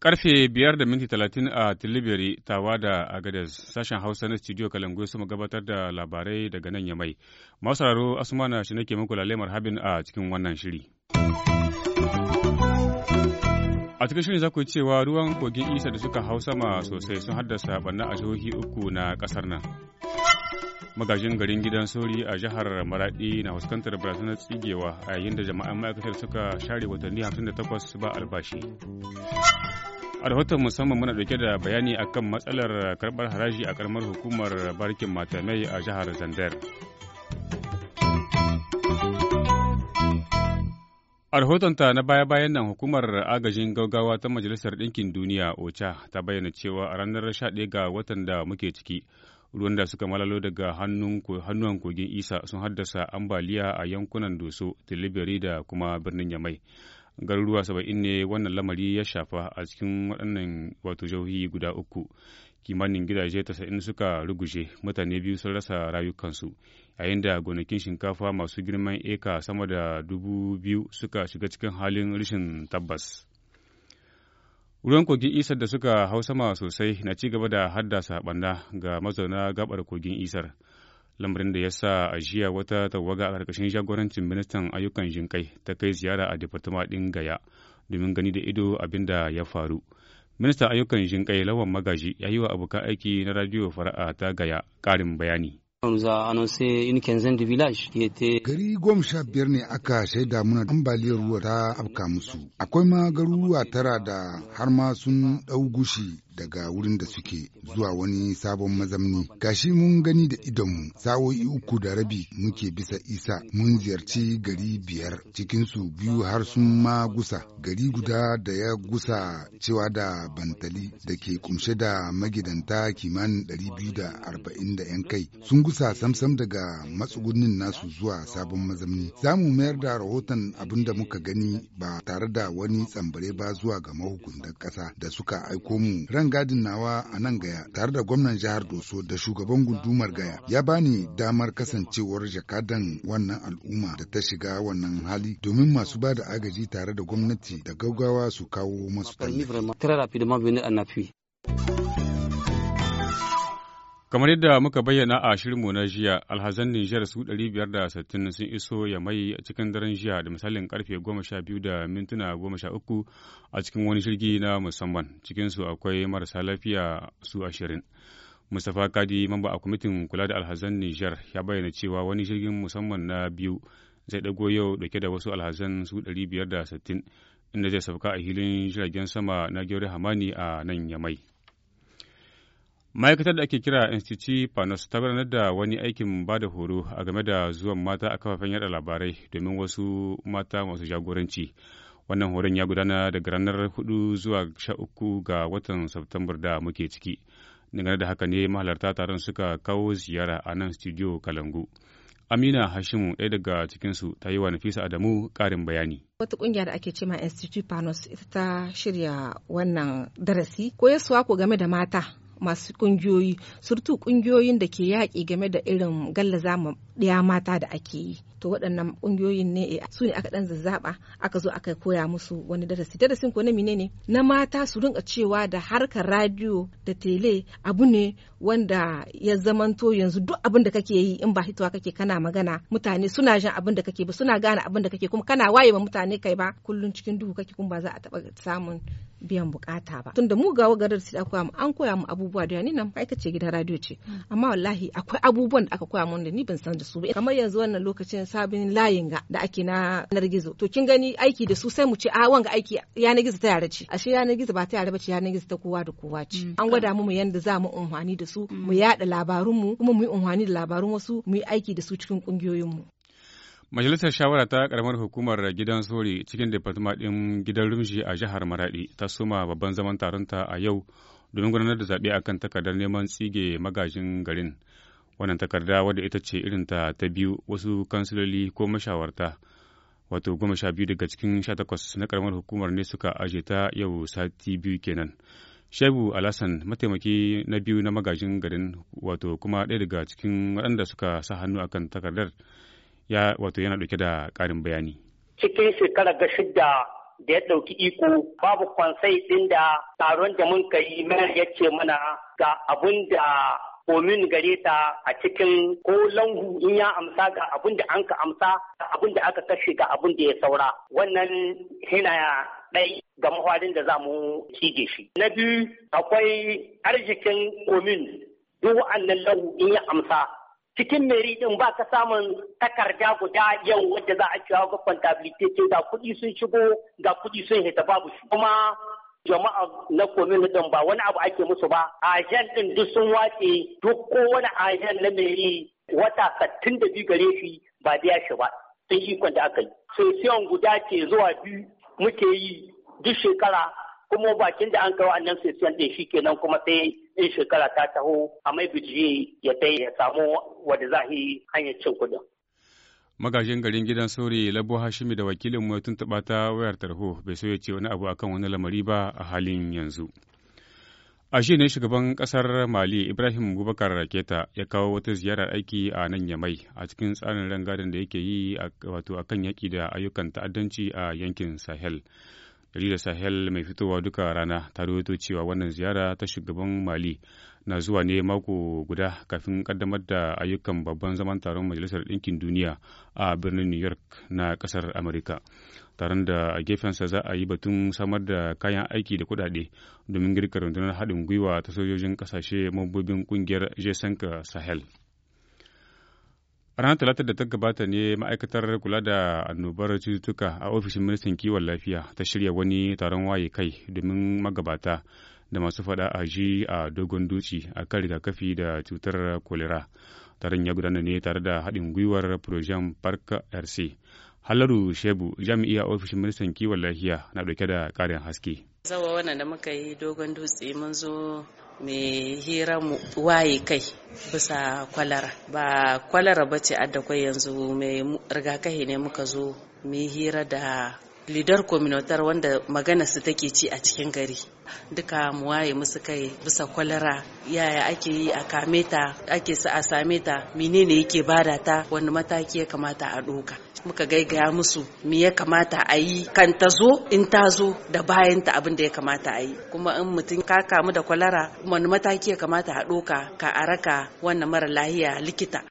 karfe biyar da minti talatin a tilibiri tawa da agadez sashen hausa na studio kalangu su gabatar da labarai daga nan yamai masu raro asuma shi nake muku lalemar habin a cikin wannan shiri. A cikin shirin za ku cewa ruwan kogin isa da suka hau sama sosai sun haddasa barna a jihohi uku na kasar nan. Magajin garin gidan Sori a jihar Maradi na fuskantar barazanar tsigewa a yayin da jama'an ma'aikatar suka share watanni 58 ba albashi. a rahoton musamman muna dauke da bayani akan matsalar karbar haraji a karamar hukumar barkin matamai a jihar zandar A rahotonta na baya-bayan nan hukumar agajin gaggawa ta Majalisar Ɗinkin Duniya OCHA ta bayyana cewa a ranar 11 ga watan da muke ciki, ruwan da suka malalo daga hannuwan kogin Isa sun haddasa ambaliya a yankunan Doso, Tilibiri da kuma birnin Yamai. Garuruwa saba'in ne wannan lamari ya shafa a cikin waɗannan wato jauhi guda uku. Kimanin gidaje tasa'in suka ruguje, mutane biyu sun rasa rayukansu. yayin da gonakin shinkafa masu girman eka sama da dubu biyu suka shiga cikin halin rashin tabbas. Ruwan kogin isar da suka hau sama sosai na ci gaba da haddasa ɓanna ga mazauna gabar kogin isar. lamarin da ya sa a jiya wata tawaga a ƙarƙashin jagorancin ministan ayyukan jinƙai ta kai ziyara a departama ɗin gaya domin gani da ido abin da ya faru ministan ayyukan jinƙai lawan magaji ya yi wa abokan aiki na radio fara'a ta gaya ƙarin bayani Gari goma sha biyar ne aka shaida muna ambaliyar ruwa ta afka musu. Akwai ma garuruwa tara da har ma sun ɗau gushi daga wurin da suke zuwa wani sabon mazamni. Gashi mun gani da idonmu sa'o'i uku da rabi muke bisa isa mun ziyarci gari biyar cikinsu biyu har sun ma gusa gari guda da ya gusa cewa da bantali da ke kumshe da magidanta kimanin 240 da 'yan kai sun gusa samsam daga matsugunin nasu zuwa sabon mazamni. Za mu mayar da rahoton abin da muka gani ba tare da wani tsambare ba zuwa ga mahukuntan ƙasa da suka aiko mu gadin nawa a nan gaya tare da gwamnan jihar Doso da shugaban gundumar gaya ya bani damar kasancewar jakadan wannan al'umma da ta shiga wannan hali domin masu ba da agaji tare da gwamnati da gaugawa su kawo masu tallafi. Kamar yadda muka bayyana a shirinmu na jiya, alhazan Nijar su 560 sun iso ya mai a cikin daren jiya da misalin karfe 12 da a cikin wani jirgi na musamman. Cikinsu akwai marasa lafiya su 20. Mustapha Kadi, mamba a kwamitin kula da alhazan Nijar, ya bayyana cewa wani jirgin musamman na biyu zai ɗago yau dauke da wasu alhazan su 560 inda zai sauka a hilin jiragen sama na Gyori Hamani a nan Yamai. ma'aikatar da ake kira institut panos ta gudanar da wani aikin ba da horo a game da zuwan mata a kafafen yada labarai domin wasu mata masu jagoranci wannan horon ya gudana daga ranar 4 zuwa 13 ga watan Satumbar da muke ciki. Dangane da haka ne mahalarta taron suka kawo ziyara a nan studio Kalangu. Amina Hashimu ɗaya daga cikinsu ta yi wa Nafisa Adamu ƙarin bayani. Wata ƙungiya da ake cema Institute Panos ita ta shirya wannan darasi koyaswa ko game da mata masu kungiyoyi surtu kungiyoyin da ke yaƙi game da irin gallaza ma ɗaya mata da ake yi to waɗannan kungiyoyin ne eh, su ne aka ɗan zazzaɓa aka zo aka koya musu wani darasi darasin ko na menene na mata su rinka cewa da harkar radio da tele abu ne wanda ya zamanto yanzu duk abin da kake yi in ba hitowa kake kana magana mutane suna jin abin da kake ba suna gane abin da kake kuma kana waye ba mutane kai ba kullum cikin duhu kake kuma ba za a taɓa samun biyan bukata ba tunda mu ga wagarar da koya mu an koya mu abubuwa da ni nan ita ce gidan radio ce amma wallahi akwai abubuwan da aka koya mu da ni ban san da su ba kamar yanzu wannan lokacin sabin layin ga da ake na yanar gizo to kin gani aiki da su sai mu ce a ah, wanga aiki yanar gizo ta yara ce ashe yanar gizo ba ta yara ba ce yanar gizo ta kowa da kowa ce mm, an gwada mu mu yanda za mu umfani da su mu mm. yada labarun mu kuma mu yi da labarun wasu mu yi aiki da su cikin kungiyoyin mu Majalisar Shawara ta karamar hukumar gidan Sori cikin Departement ɗin gidan Rumshi a jihar Maradi ta suma babban zaman taronta a yau domin gudanar da zaɓe akan takardar neman tsige magajin garin. Wannan takarda wadda ita ce irin ta ta biyu wasu kansiloli ko mashawarta wato goma sha biyu daga cikin sha takwas na karamar hukumar ne suka aje ta yau sati biyu kenan. Shehu Alhassan mataimaki na biyu na magajin garin wato kuma ɗaya daga cikin waɗanda suka sa hannu akan takardar ya wato yana dauke da karin bayani cikin shekarar ga shidda da ya ɗauki iko babu kwansai ɗin da taron da mun kai mayar ya ce mana ga abun da komin gare ta a cikin ko langu in ya amsa ga abun da an ka amsa ga abun da aka kashe ga abun da ya saura wannan hina ɗai ga mahwarin da za mu shi na biyu akwai arzikin komin duk wa'annan lahu in ya amsa cikin meri din ba ka samun takarda guda yau wadda za a cewa ga kwantabilite ce ga kuɗi sun shigo ga kuɗi sun hita babu shi kuma jama'a na komin din ba wani abu ake musu ba ajen din duk sun watse duk ko wani ajen na meri wata sattin da biyu gare shi ba biya shi ba sun ikon da aka yi sosiyon guda ke zuwa biyu muke yi duk shekara kuma bakin da an kawo annan sosiyon din shi kenan kuma sai in shekara ta taho a mai bijiye ya tai ya samu wadda za yi hanyar cin kuɗin. Magajin garin gidan Sori Labo Hashimi da wakilin mu ya tuntuɓa ta wayar tarho bai so ya ce wani abu akan wani lamari ba a halin yanzu. A shi ne shugaban ƙasar Mali Ibrahim Bubakar Raketa ya kawo wata ziyarar aiki a nan Yamai a cikin tsarin rangadin da yake yi wato akan yaki da ayyukan ta'addanci a yankin Sahel. jaridar sahel mai fitowa duka rana ta rawaito cewa wannan ziyara ta shugaban mali na zuwa ne mako guda kafin kaddamar da ayyukan babban zaman taron majalisar ɗinkin duniya a birnin new york na ƙasar amurka taron da a gefensa za a yi batun samar da kayan aiki da kuɗaɗe domin girka rundunar haɗin gwiwa ta sojojin ƙasashe mambobin ƙungiyar jesanka sahel ranar talatar da ta gabata ne ma'aikatar kula da annobar cututtuka a ofishin ministan kiwon lafiya ta shirya wani taron waye kai domin magabata da masu faɗa a ji a dogon dutse a kan rigakafi da cutar kolera taron ya gudana ne tare da haɗin gwiwar projan park rc halaru shebu jami'i a ofishin ministan kiwon lafiya na ɗauke da ƙarin haske zawa wannan da muka yi dogon dutse mun zo mai hira mu waye kai bisa kwalara ba kwalara ba ce kwai yanzu mai rigakahi ne muka zo mai hira da lidar kominotar wanda magana su take ci a cikin gari duka mu waye musu kai bisa kwalara yaya ake yi a kame ake sa a same ta menene yake bada ta wani mataki ya kamata a ɗoka muka gaigaya musu me ya kamata a yi kan ta zo in ta zo da bayan ta abin da ya kamata a yi kuma in mutum ka kamu da kwalara wani mataki ya kamata a ɗoka ka a raka wannan mara lahiya likita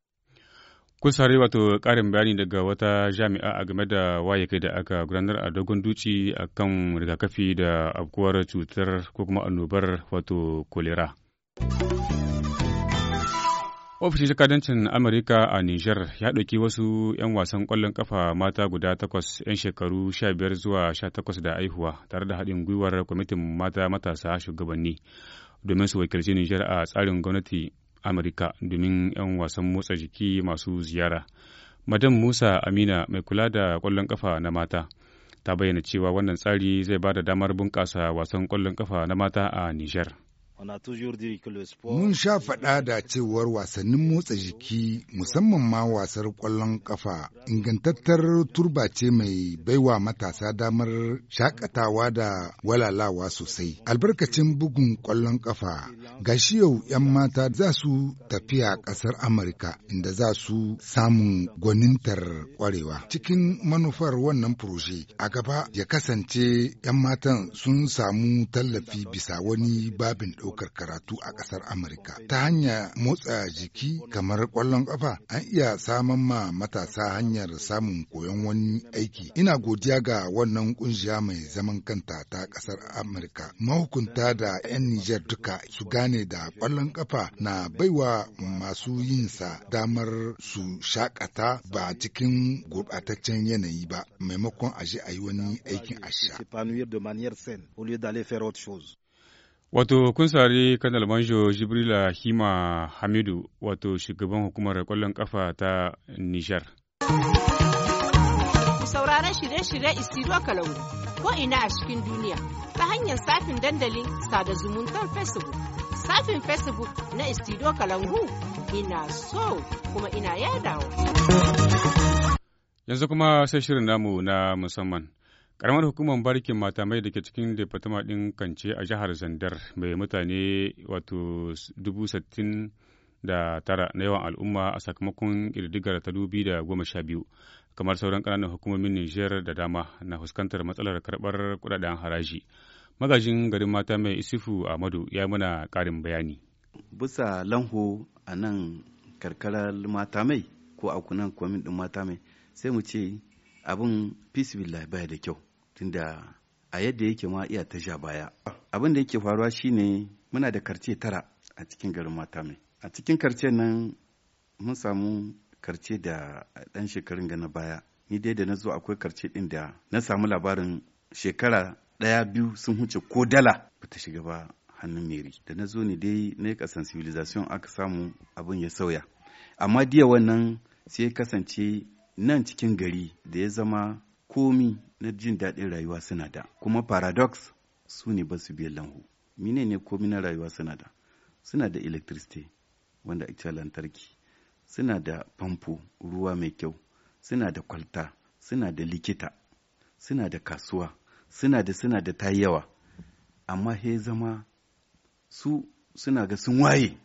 kun sare wato karin bayani daga wata jami'a a game da waye kai da aka gudanar a dogon duci a kan rigakafi da abkuwar cutar ko kuma annobar wato kolera. Ofishin jakadancin Amurka a Nijar ya ɗauki wasu 'yan wasan ƙwallon ƙafa mata guda takwas 'yan shekaru sha biyar zuwa 18 da aihuwa tare da haɗin gwiwar kwamitin mata matasa shugabanni domin su wakilci Nijar a tsarin gwamnati Amurka domin 'yan wasan motsa jiki masu ziyara. Madam Musa Amina mai kula da ƙwallon ƙafa na mata ta bayyana cewa wannan tsari zai ba da damar bunƙasa wasan ƙwallon ƙafa na mata a Nijar. Mun sha faɗa da cewar wasannin motsa jiki musamman ma wasar ƙwallon ƙafa ingantattar turba ce mai baiwa matasa damar shakatawa da walalawa sosai. Albarkacin bugun ƙwallon ƙafa ga shi yau 'yan mata za su tafiya ƙasar Amurka inda za su samun gwanintar ƙwarewa. Cikin manufar wannan a gaba ya kasance 'yan matan sun samu tallafi bisa wani babin ɗau ɗaukar karatu a ƙasar Amurka. Ta hanya motsa jiki kamar ƙwallon ƙafa an iya saman ma matasa hanyar samun koyon wani aiki. Ina godiya ga wannan ƙungiya mai zaman kanta ta ƙasar Amurka. Mahukunta da 'yan Nijar duka su gane da ƙwallon ƙafa na baiwa masu yin sa damar su shakata ba cikin gurɓataccen yanayi ba maimakon a je a yi wani aikin asha. Wato kun sare Kanal Manjo Jibrila Hima Hamidu wato shugaban hukumar kwallon kafa ta Nijar. Sauraron shirye-shirye Istiro Kalau ko ina a cikin duniya ta hanyar safin dandalin sada zumuntar Facebook. Safin Facebook na Isiro Kalangu ina so kuma ina yadawa. Yanzu kuma sai shirin namu na musamman. karamar hukumar barkin mata mai da ke cikin departama ɗin kance a jihar zandar mai mutane wato dubu da tara na yawan al'umma a sakamakon ƙididdigar ta dubi da goma sha biyu kamar sauran ƙananan hukumomin niger da dama na fuskantar matsalar karɓar kuɗaɗen haraji magajin garin mata mai isifu amadu ya muna ƙarin bayani bisa lanho a nan karkarar mata mai ko a kunan kwamin ɗin mata mai sai mu ce abin be baya da kyau tunda a yadda yake ma iya ta sha baya abin da yake faruwa shine muna da karce tara a cikin garin mata mai a cikin karce nan mun samu karce da ɗan shekarun ga baya ni dai da na zo akwai karce din da na samu labarin shekara ɗaya biyu sun huce ko dala bata shiga ba hannun meri da na zo ne dai na yi kasan civilization aka samu abin ya sauya amma diya wannan sai kasance nan cikin gari da ya zama komi na jin daɗin rayuwa suna da kuma paradox su ne ba su biyan lanhu mine ne komi na rayuwa suna da suna da electricity wanda ita lantarki suna da famfo ruwa mai kyau suna da kwalta suna da likita suna da kasuwa suna da suna da yawa amma he zama su suna ga sun waye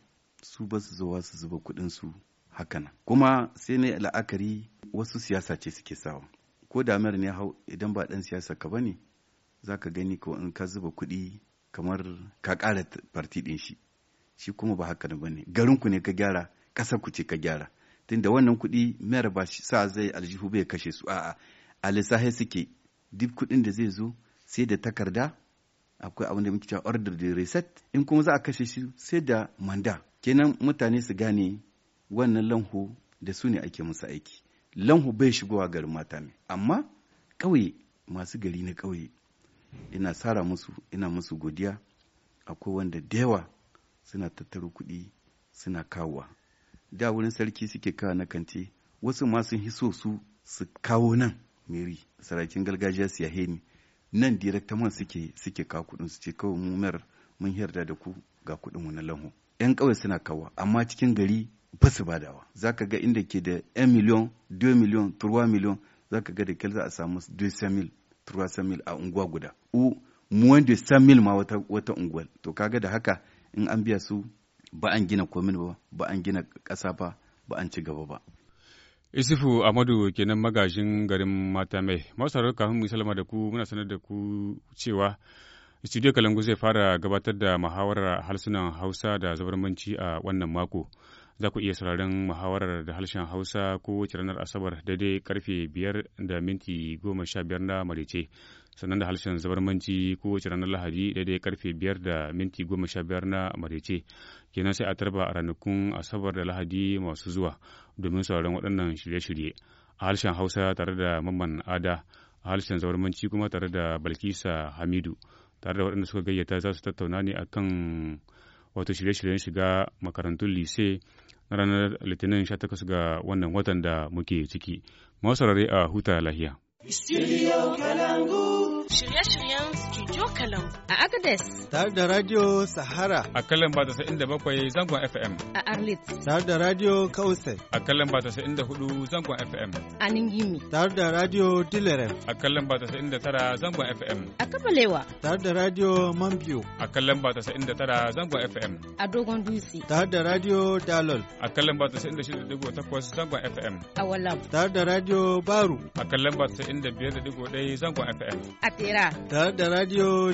su ba su zowa su zuba kudinsu hakanan kuma sai na la'akari wasu siyasa ce suke sawa ko da damer ne hau idan ba dan siyasa ka bane za ka gani ko in ka zuba kuɗi kamar ka ƙara farti ɗin shi shi kuma ba haka bane garin ku ne ka gyara ƙasar ku ce ka gyara tun da wannan kuɗi mayar ba sa zai aljihu bai kashe su a'a a lissahi suke duk kuɗin da zai zo sai da takarda akwai abin da muke cewa order de reset in kuma za a kashe shi sai da manda kenan mutane su gane wannan lanho da su ne ake musu aiki lanhu bai shigowa garin mata ne amma ƙauye masu gari na ƙauye ina sara musu ina musu godiya akwai wanda da yawa suna tattaro kuɗi suna kawowa da wurin sarki suke kawo na kanti wasu ma hiso su su kawo nan meri sarakin gargajiya su yahe ni nan man suke suke kawo kuɗin su ce kawai mu mun yarda da ku ga kuɗin mu na lanhu yan ƙauye suna kawo amma cikin gari ba su za ka ga inda ke da 1 miliyon 2 miliyon 3 miliyon za ka ga da kyau za a samu 200 mil 300 mil a unguwa guda u muwan da 100 mil ma wata, wata unguwar to kaga da haka in an biya su ba an gina komin ba ba an gina ƙasa ba ba an ci gaba ba Isifu Amadu kenan magajin garin mata mai. Masarar kafin mu salama da ku muna sanar da ku cewa Studio Kalangu zai fara gabatar da muhawarar harsunan Hausa da zabarmanci a wannan mako. za ku iya sauraron muhawarar da harshen hausa ko ranar asabar daidai karfe biyar da minti goma sha biyar na malice sannan da harshen zabarmanci ko ranar lahadi daidai karfe biyar da minti goma sha biyar na malice kenan sai a tarba a ranakun asabar da lahadi masu zuwa domin sauraron waɗannan shirye-shirye a harshen hausa tare da mamman ada a harshen zabarmanci kuma tare da balkisa hamidu tare da waɗanda suka gayyata za su tattauna ne akan wato shirye-shiryen shiga makarantun lise na ranar litinin 18 ga wannan watan da muke ciki. Masu a huta lahiya. Shirye-shiryen Kalam. A Agadez. Tare da Radio Sahara. A kalan ba ta inda bakwai zangon FM. A Arlit. Tare da Radio Kausai. A kalan ba ta inda hudu zangon FM. A Ningimi. Tare da Radio Dileren. A kalan ba ta inda tara zangon FM. A Kabalewa. Tare da Radio Mambiyo. A kalan ba ta inda tara zangon FM. A Dogon Dutse. Tare da Radio Dalol. A kalan ba ta digo takwas zangon FM. A Walam. Tare da Radio Baru. A kalan ba ta da biyar 95.1 zangon FM. A Tera. Tare da Radio